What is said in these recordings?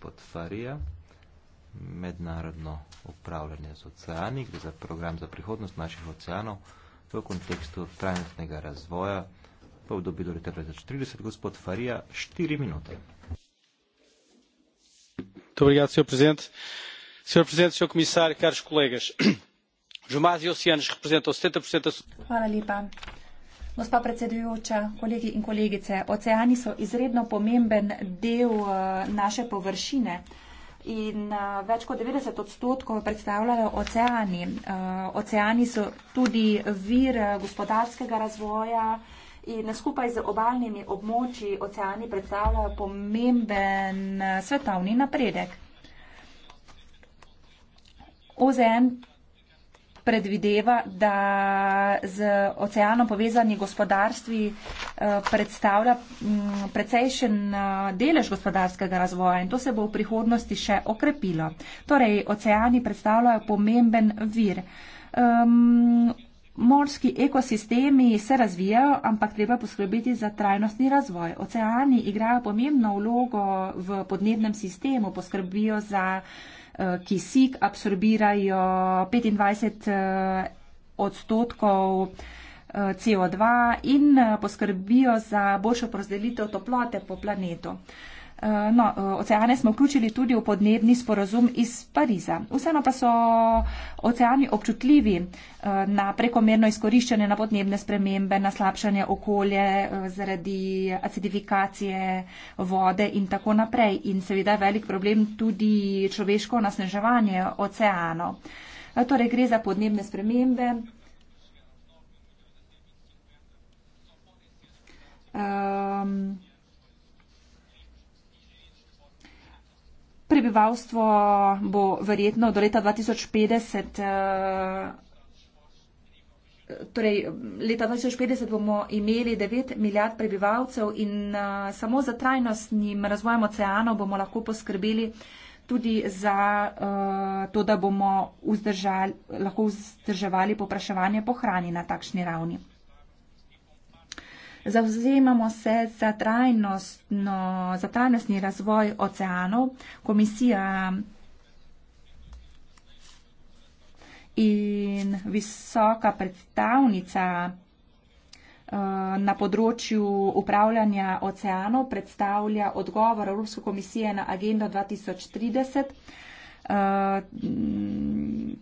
pod Farija, mednarodno upravljanje z oceani, gre za program za prihodnost naših oceanov v kontekstu trajnostnega razvoja pa v dobi do leta 2040, gospod Farija, 4 minute. Dobro, gledaj, sr. prezident. Sr. prezident, sr. komisar, kariš kolegaš. Žumazi e oceanič reprezentov 70%. Hvala lepa. Gospa predsedujoča, kolegi in kolegice, oceani so izredno pomemben del eh, naše površine in eh, več kot 90 odstotkov predstavljajo oceani. Eh, oceani so tudi vir gospodarskega razvoja in skupaj z obaljnimi območji oceani predstavljajo pomemben svetovni napredek. OZN predvideva, da z oceanom povezani gospodarstvi eh, predstavlja mm, precejšen eh, delež gospodarskega razvoja in to se bo v prihodnosti še okrepilo. Torej, oceani predstavljajo pomemben vir. Um, Morski ekosistemi se razvijajo, ampak treba poskrbeti za trajnostni razvoj. Oceani igrajo pomembno vlogo v podnebnem sistemu, poskrbijo za uh, Eh, kisik absorbirajo 25 eh, odstotkov eh, CO2 in poskrbijo za boljšo porazdelitev toplote po planetu. Eh, no, eh, oceane smo vključili tudi v podnebni sporozum iz Pariza. Vseeno pa so oceani občutljivi eh, na prekomerno izkoriščanje, na podnebne spremembe, na slabšanje okolje zaradi acidifikacije vode in tako naprej. In seveda velik problem tudi človeško nasneževanje oceanov. Torej gre za podnebne spremembe. Um, prebivalstvo bo verjetno do leta 2050. Eh, torej, leta 2050 bomo imeli 9 milijard prebivalcev in eh, samo za trajnostnim razvojem oceanov bomo lahko poskrbeli tudi za uh, to, da bomo vzdržali, lahko vzdrževali popraševanje po hrani na takšni ravni. Zavzemamo se za, trajnostno, za trajnostni razvoj oceanov. Komisija in visoka predstavnica eh, na področju upravljanja oceanov predstavlja odgovor Evropske komisije na agendo 2030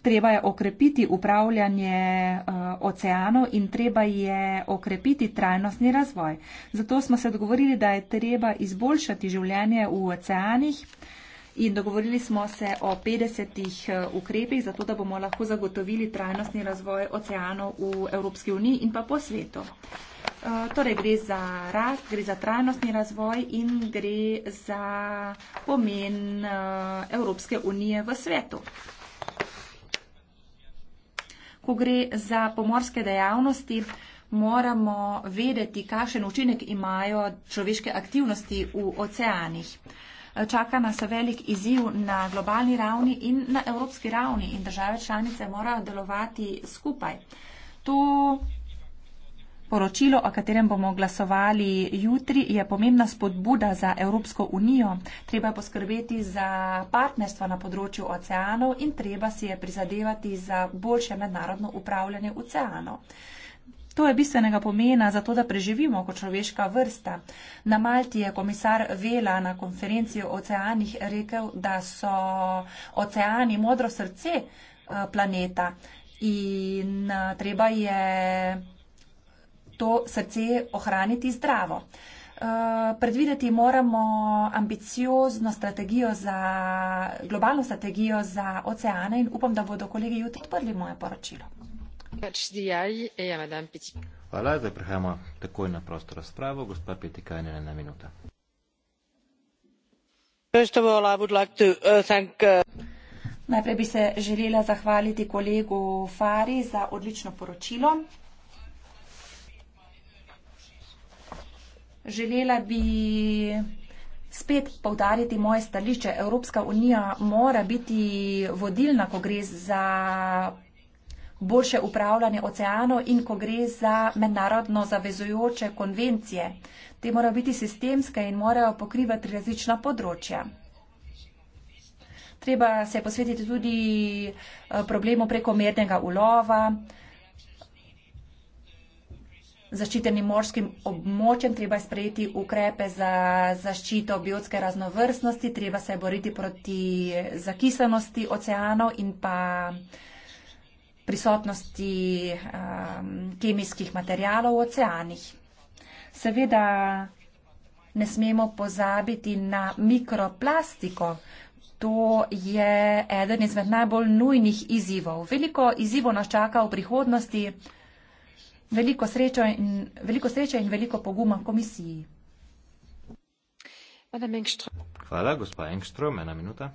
treba je okrepiti upravljanje uh, oceanov in treba je okrepiti trajnostni razvoj. Zato smo se dogovorili, da je treba izboljšati življenje v oceanih in dogovorili smo se o 50 eh, ukrepih, zato da bomo lahko zagotovili trajnostni razvoj oceanov v Evropski uniji in pa po svetu. Eh, torej gre za rast, gre za trajnostni razvoj in gre za pomen Evropske unije v svetu ko gre za pomorske dejavnosti, moramo vedeti, kakšen učinek imajo človeške aktivnosti v oceanih. Čaka nas velik izziv na globalni ravni in na evropski ravni in države članice morajo delovati skupaj. To Poročilo, o katerem bomo glasovali jutri, je pomembna spodbuda za Evropsko unijo. Treba poskrbeti za partnerstvo na področju oceanov in treba si je prizadevati za boljše mednarodno upravljanje oceanov. To je bistvenega pomena za to, da preživimo kot človeška vrsta. Na Malti je komisar Vela na konferenciji o oceanih rekel, da so oceani modro srce eh, planeta in eh, treba je to srce ohraniti zdravo. Eh, predvideti moramo ambiciozno strategijo za, globalno strategijo za oceane in upam, da bodo kolegi jutri odprli moje poročilo. Hvala, zdaj prehajamo takoj na prosto razpravo. Gospa Petikajne, ena minuta. Uh, uh, Najprej bi se želela zahvaliti kolegu Fari za odlično poročilo. Želela bi spet povdariti moje stališče. Evropska unija mora biti vodilna, ko gre za boljše upravljanje oceanov in ko gre za mednarodno zavezujoče konvencije. Te morajo biti sistemske in morajo pokrivati različna področja. Treba se posvetiti tudi eh, problemu prekomernega ulova zaščitenim morskim območjem, treba je sprejeti ukrepe za zaščito biotske raznovrstnosti, treba se boriti proti zakisanosti oceanov in pa prisotnosti um, kemijskih materijalov v oceanih. Seveda ne smemo pozabiti na mikroplastiko. To je eden izmed najbolj nujnih izzivov. Veliko izzivov nas čaka v prihodnosti. Veliko, in, veliko sreče in veliko poguma komisiji. Hvala, gospa Engström, ena minuta.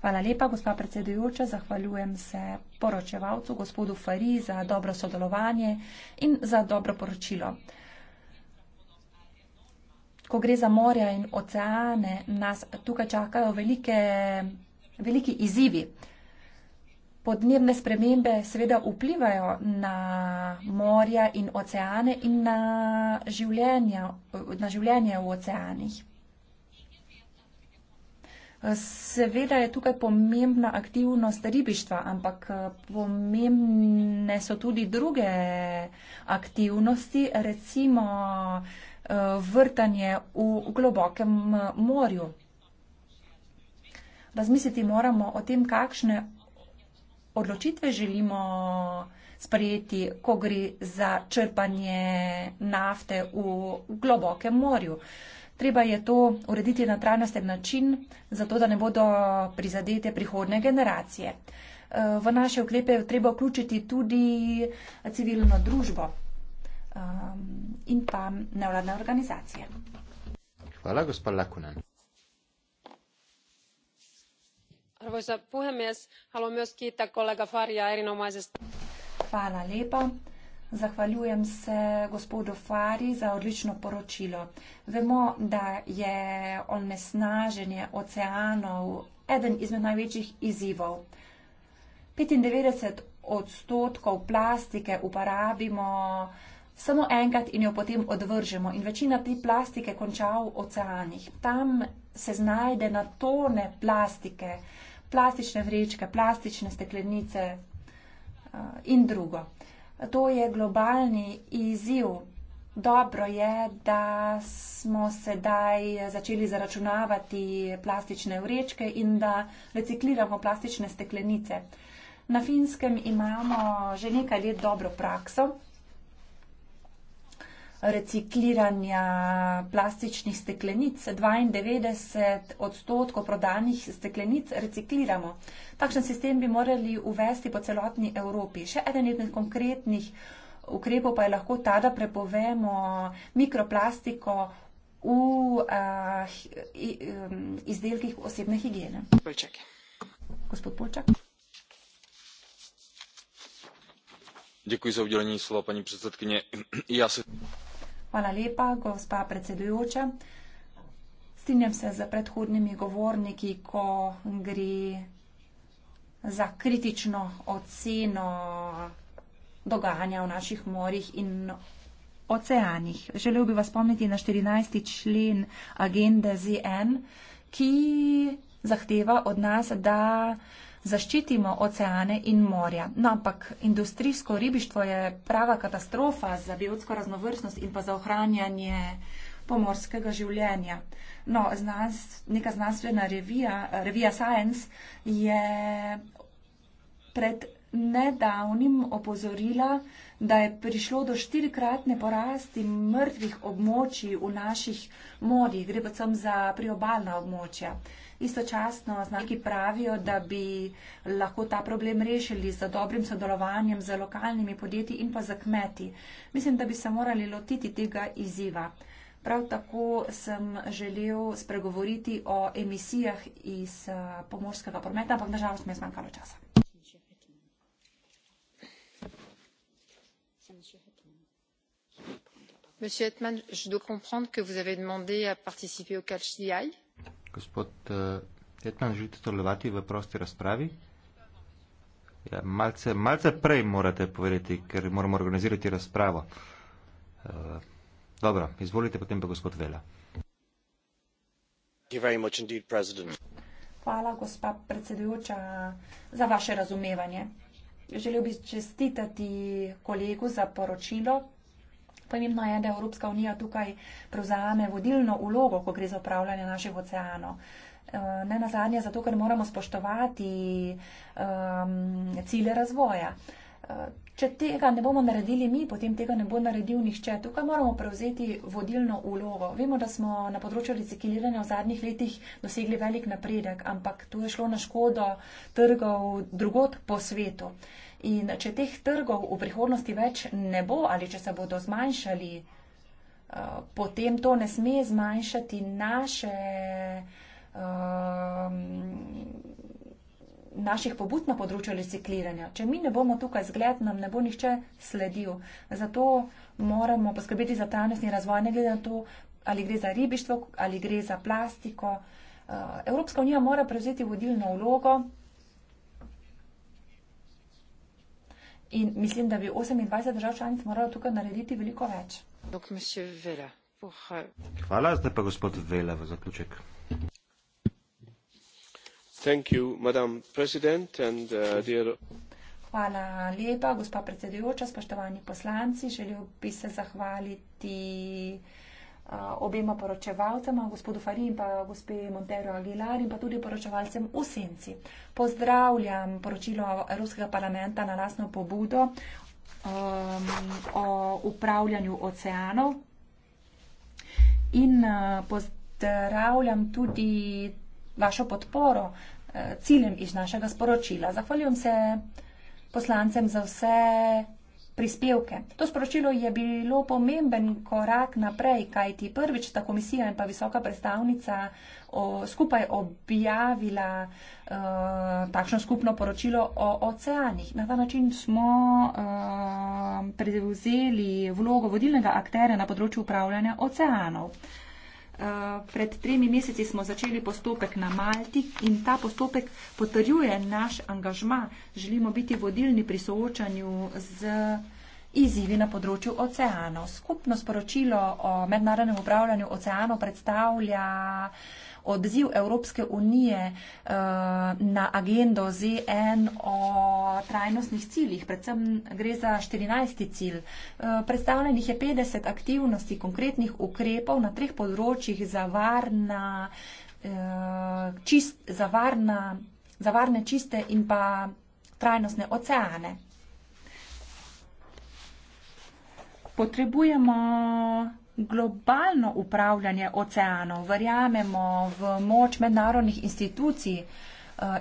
Hvala lepa, gospa predsedujoča. Zahvaljujem se poročevalcu, gospodu Fari, za dobro sodelovanje in za dobro poročilo. Ko gre za morja in oceane, nas tukaj čakajo velike, veliki izzivi podnebne spremembe seveda vplivajo na morja in oceane in na, na življenje v oceanih. Seveda je tukaj pomembna aktivnost ribištva, ampak pomembne so tudi druge aktivnosti, recimo vrtanje v globokem morju. Razmisliti moramo o tem, kakšne odločitve želimo sprejeti, ko gre za črpanje nafte v globokem morju. Treba je to urediti na trajnosten način, zato da ne bodo prizadete prihodne generacije. V naše ukrepe je treba vključiti tudi civilno družbo um, in pa nevladne organizacije. Hvala, gospod Lakunen. arvoisa puhemies haluan myös kiittää kollega faria erinomaisesta Hvala lepa. Zahvaljujem se gospodu Fari za odlično poročilo. Vemo, da je onesnaženje oceanov eden izmed največjih izzivov. 95 odstotkov plastike uporabimo samo enkrat in jo potem odvržemo. In večina te plastike konča v oceanih. Tam se znajde na tone plastike plastične vrečke, plastične steklenice eh, in drugo. To je globalni izziv. Dobro je, da smo sedaj začeli zaračunavati plastične vrečke in da recikliramo plastične steklenice. Na finskem imamo že nekaj let dobro prakso recikliranja plastičnih steklenic. 92 odstotkov prodanih steklenic recikliramo. Takšen sistem bi morali uvesti po celotni Evropi. Še eden izmed konkretnih ukrepov pa je lahko ta, da prepovemo mikroplastiko v uh, izdelkih osebne higiene. Polček. Gospod Polček. Děkuji za udělení slova, paní předsedkyně. Já se... Si... Hvala lepa, gospa predsedujoča. Strinjam se z predhodnimi govorniki, ko gre za kritično oceno dogajanja v naših morjih in oceanih. Želel bi vas spomniti na 14. člen agende ZN, ki zahteva od nas, da zaščitimo oceane in morja. No, ampak industrijsko ribištvo je prava katastrofa za biotsko raznovrstnost in pa za ohranjanje pomorskega življenja. No, znans, neka znanstvena revija, revija Science, je pred nedavnim opozorila, da je prišlo do štirikratne porasti mrtvih območij v naših morjih, gre pa sem za priobalna območja. Istočasno znaki pravijo, da bi lahko ta problem rešili z dobrim sodelovanjem z lokalnimi podjetji in pa z kmeti. Mislim, da bi se morali lotiti tega izziva. Prav tako sem želel spregovoriti o emisijah iz eh, pomorskega prometa, ampak nažalost mi je zmanjkalo časa. monsieur hetman je dois comprendre que vous avez demandé à participer au catch the eye Gospod uh, eh, Etman, želite sodelovati v prosti razpravi? Ja, malce, malce prej morate povedati, ker moramo organizirati razpravo. Uh, dobro, izvolite potem pa gospod Vela. Hvala, gospa predsedujoča, za vaše razumevanje. Želel bi čestitati kolegu za poročilo, Pomembno je, da Evropska unija tukaj prevzame vodilno ulogo, ko gre za upravljanje naših oceanov. Eh, ne na zadnje, zato ker moramo spoštovati um, cilje razvoja. Eh, če tega ne bomo naredili mi, potem tega ne bo naredil nihče. Tukaj moramo prevzeti vodilno ulogo. Vemo, da smo na področju recikliranja v zadnjih letih dosegli velik napredek, ampak tu je šlo na škodo trgov drugot po svetu. In če teh trgov v prihodnosti več ne bo ali če se bodo zmanjšali, eh, potem to ne sme zmanjšati naše, ehm, naših pobud na področju recikliranja. Če mi ne bomo tukaj zgled, nam ne bo nihče sledil. Zato moramo poskrbeti za trajnostni razvoj, ne glede na to, ali gre za ribištvo, ali gre za plastiko. Eh, Evropska unija mora prevzeti vodilno vlogo. In mislim, da bi 28 držav članic moralo tukaj narediti veliko več. Euh, Hvala, zdaj pa gospod Vela v zaključek. You, and, uh, dear... Hvala lepa, gospa predsedujoča, spoštovani poslanci. Želel bi se zahvaliti. Eh, obema poročevalcema, gospodu Fari in pa gospe Montero Aguilar in pa tudi poročevalcem v senci. Pozdravljam poročilo Evropskega parlamenta na lasno pobudo um, o upravljanju oceanov in eh, pozdravljam tudi vašo podporo eh, ciljem iz našega sporočila. Zahvaljujem se poslancem za vse prispevke. To sporočilo je bilo pomemben korak naprej, kajti prvič ta komisija in pa visoka predstavnica o, skupaj objavila uh, takšno skupno poročilo o oceanih. Na ta način smo uh, prevzeli vlogo vodilnega akterja na področju upravljanja oceanov. Uh, Pred tremi meseci smo začeli postopek na Malti in ta postopek potrjuje naš angažma. Želimo biti vodilni pri soočanju z izzivi na področju oceanov. Skupno sporočilo o mednarodnem upravljanju oceanov predstavlja odziv Evropske unije eh, na agendo ZN o trajnostnih ciljih. Predvsem gre za 14. cilj. Eh, predstavljenih je 50 aktivnosti konkretnih ukrepov na treh področjih za varna, eh, čist, za varna, za varne čiste in pa trajnostne oceane. potrebujemo globalno upravljanje oceanov, verjamemo v moč mednarodnih institucij eh,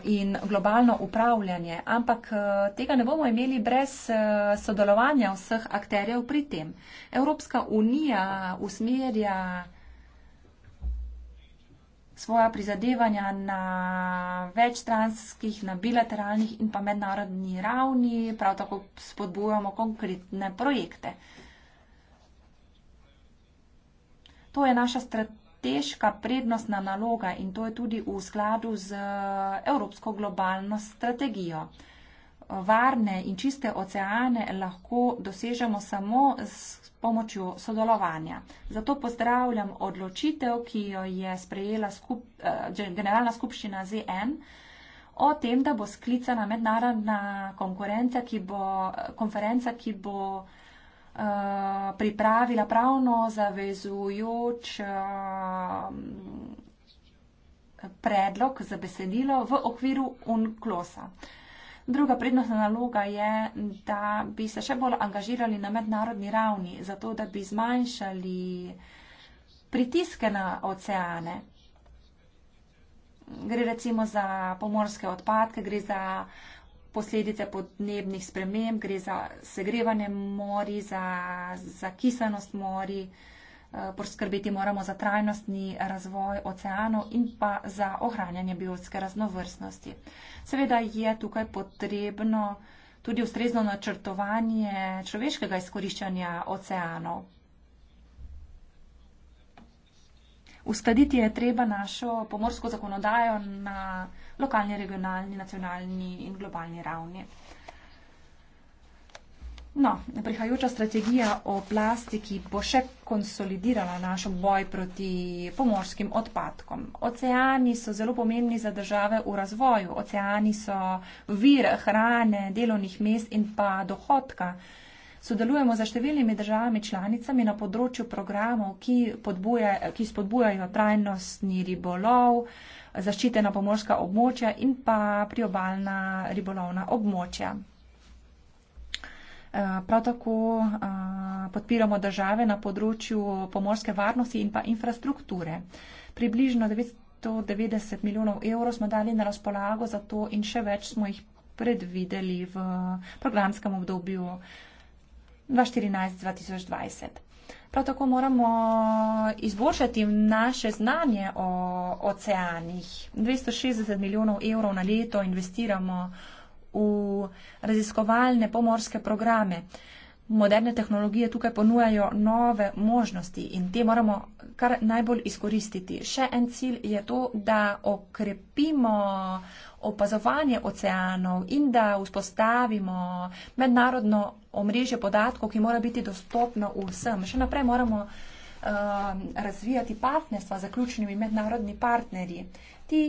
in globalno upravljanje, ampak eh, tega ne bomo imeli brez eh, sodelovanja vseh akterjev pri tem. Evropska unija usmerja svoja prizadevanja na večstranskih, na bilateralnih in pa mednarodni ravni, prav tako spodbujamo konkretne projekte. To je naša strateška prednostna naloga in to je tudi v skladu z eh, Evropsko globalno strategijo. Varne in čiste oceane lahko dosežemo samo s pomočjo sodelovanja. Zato pozdravljam odločitev, ki jo je sprejela skup, eh, Generalna skupščina ZN o tem, da bo sklicana mednarodna konkurenca, ki bo eh, konferenca, ki bo Eh, pripravila pravno zavezujoč uh, predlog za besedilo v okviru UNCLOSA. Druga prednostna naloga je, da bi se še bolj angažirali na mednarodni ravni, zato da bi zmanjšali pritiske na oceane. Gre recimo za pomorske odpadke, gre za posledice podnebnih sprememb, gre za segrevanje mori, za zakisanost mori, eh, poskrbeti moramo za trajnostni razvoj oceanov in pa za ohranjanje biotske raznovrstnosti. Seveda je tukaj potrebno tudi ustrezno načrtovanje človeškega izkoriščanja oceanov. uskladiti je treba našo pomorsko zakonodajo na lokalni, regionalni, nacionalni in globalni ravni. No, prihajajoča strategija o plastiki bo še konsolidirala naš boj proti pomorskim odpadkom. Oceani so zelo pomembni za države v razvoju. Oceani so vir hrane, delovnih mest in pa dohodka. Uh, Sodelujemo za številnimi državami članicami na področju programov, ki, podbuja, ki spodbujajo trajnostni ribolov, zaščitena pomorska območja in pa priobalna ribolovna območja. Eh, prav tako eh, podpiramo države na področju pomorske varnosti in pa infrastrukture. Približno 990 milijonov evrov smo dali na razpolago za to in še več smo jih predvideli v programskem obdobju 2021. Prav tako moramo izboljšati naše znanje o oceanih. 260 milijonov evrov na leto investiramo v raziskovalne pomorske programe. Moderne tehnologije tukaj ponujajo nove možnosti in te moramo kar najbolj izkoristiti. Še en cilj je to, da okrepimo opazovanje oceanov in da vzpostavimo mednarodno omrežje podatkov, ki mora biti dostopno vsem. Še naprej moramo uh, razvijati partnerstva z ključnimi mednarodni partnerji. Ti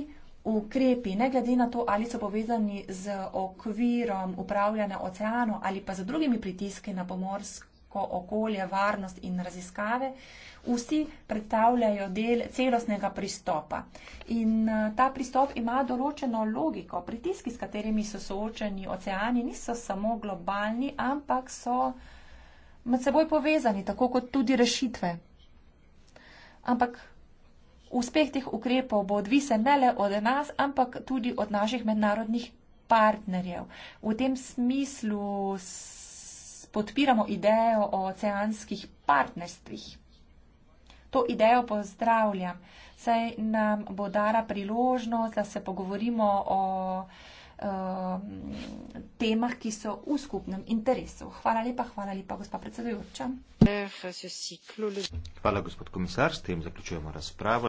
ukrepi, ne glede na to, ali so povezani z okvirom upravljanja oceanov ali pa z drugimi pritiski na pomorsko kako okolje, varnost in raziskave, vsi predstavljajo del celostnega pristopa. In eh, ta pristop ima določeno logiko. Pritiski, s katerimi so soočeni oceani, niso samo globalni, ampak so med seboj povezani, tako kot tudi rešitve. Ampak uspeh teh ukrepov bo odvisen ne le od nas, ampak tudi od naših mednarodnih partnerjev. V tem smislu podpiramo idejo o oceanskih partnerstvih. To idejo pozdravljam, saj nam bo dara priložnost, da se pogovorimo o um, temah, ki so v skupnem interesu. Hvala lepa, hvala lepa, gospod predsedujoča. Hvala, gospod komisar, s tem zaključujemo razpravo.